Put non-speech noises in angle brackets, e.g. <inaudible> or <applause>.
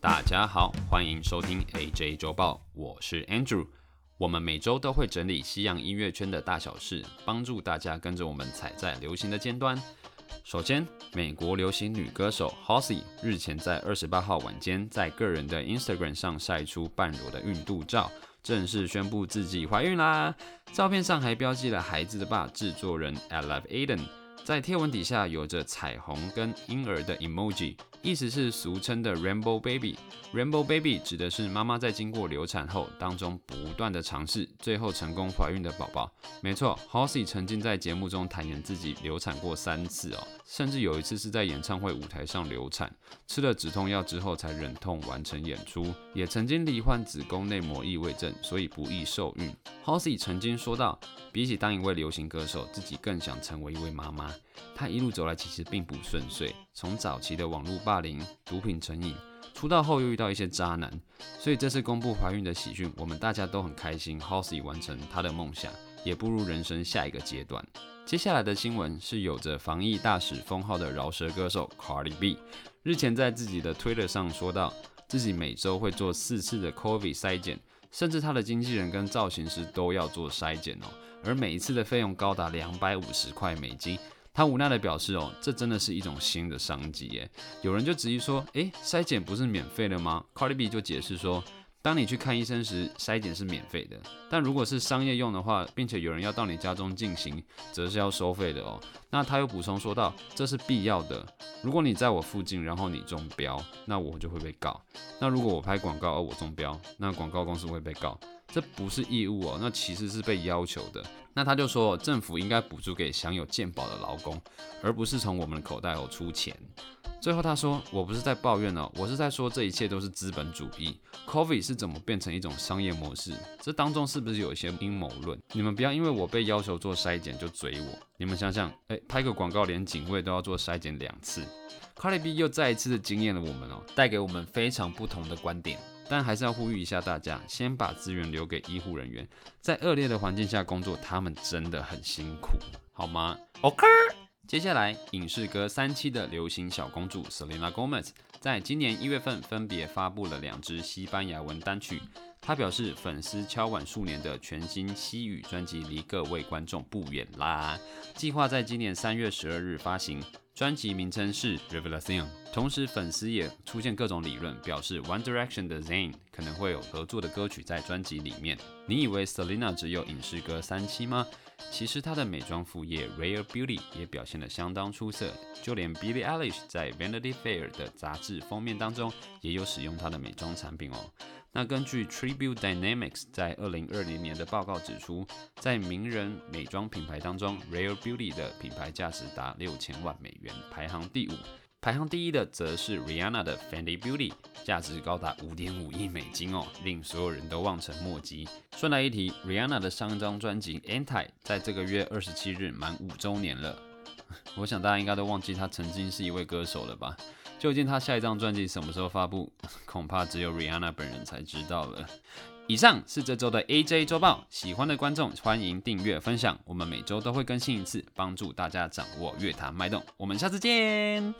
大家好，歡迎收聽 AJ 週報，我是 Andrew。我們每周都會整理西洋音樂圈的大小事，幫助大家跟着我們踩在流行的尖端。首先，美國流行女歌手 Halsey 日前在二十八號晚間在個人的 Instagram 上晒出半裸的孕肚照，正式宣布自己懷孕啦。照片上還標記了孩子的爸、製作人 Alev Aydin，在貼文底下有着彩虹跟嬰兒的 emoji。意思是俗稱的 Rainbow Baby，Rainbow Baby 指的是媽媽在經過流產後當中不斷的嘗試，最後成功懷孕的寶寶。沒錯，Halsey 曾經在節目中坦言自己流產過三次哦，甚至有一次是在演唱會舞台上流產，吃了止痛藥之後才忍痛完成演出。也曾經罹患子宮內膜異位症，所以不易受孕。Halsey 曾經說到，比起當一位流行歌手，自己更想成為一位媽媽。她一路走來其實並不順遂，從早期的網絡，霸凌、毒品成癮，出道後又遇到一些渣男，所以這次公布懷孕的喜訊，我們大家都很開心。Halsey 完成他的夢想，也步入人生下一個階段。接下來的新聞是有着防疫大使封號的饒舌歌手 Cardi B，日前在自己的推特上說到，自己每周會做四次的 Covid 篩檢，甚至他的經紀人跟造型師都要做篩檢哦，而每一次的費用高達兩百五十塊美金。他無奈地表示：“哦，這真的是一種新的商機耶。”有人就質疑說：“誒，篩檢不是免費的嗎？” Cardi B 就解釋說：“當你去看醫生時，篩檢是免費的。但如果是商業用的話，並且有人要到你家中進行，則是要收費的哦。”那他又補充說道：“這是必要的。如果你在我附近，然後你中標，那我就會被告。那如果我拍廣告而、啊、我中標，那廣告公司會被告。”這不是義務哦，那其實是被要求的。那他就說、哦，政府應該補助給享有健保的勞工，而不是從我們的口袋哦出錢。最後他說，我不是在抱怨哦，我是在說這一切都是資本主義。Covid 是怎麼變成一種商業模式？這當中是不是有一些陰謀論？你們不要因為我被要求做篩檢就嘴我。你們想想，誒，拍個廣告連警衛都要做篩檢兩次。Cardi B 又再一次的驚豔了我們哦，帶給我們非常不同的觀點。但還是要呼籲一下大家，先把資源留給醫護人員，在惡劣的環境下工作，他們真的很辛苦，好嗎？OK。接下來，影視歌三棲的流行小公主 Selena Gomez 在今年一月份分別發布了兩支西班牙文單曲，她表示，粉絲敲碗數年的全新西語專輯離各位觀眾不遠啦，計劃在今年三月十二日發行。專輯名稱是 Revelation，同時粉絲也出現各種理論，表示 One Direction 的 Zayn 可能會有合作的歌曲在專輯裡面。你以為 Selena 只有影視歌三棲嗎？其實她的美妝副業 Rare Beauty 也表現得相當出色，就連 Billie Eilish 在 Vanity Fair 的雜誌封面當中也有使用她的美妝產品哦、喔。那根據 Tribute Dynamics 在二零二零年的報告指出，在名人美妝品牌當中，Rare Beauty 的品牌價值達六千萬美元，排行第五。排行第一的則是 Rihanna 的 Fenty Beauty，價值高達五點五億美金哦，令所有人都望塵莫及。順帶一提，Rihanna 的上一張專輯 Anti 在這個月二十七日滿五週年了。 <laughs> 我想大家應該都忘記她曾經是一位歌手了吧？究竟他下一張專輯什麼時候發布，恐怕只有 Rihanna 本人才知道了。以上是這週的 AJ 週報，喜歡的觀眾歡迎訂閱分享，我們每週都會更新一次，幫助大家掌握樂壇脈動。我們下次見。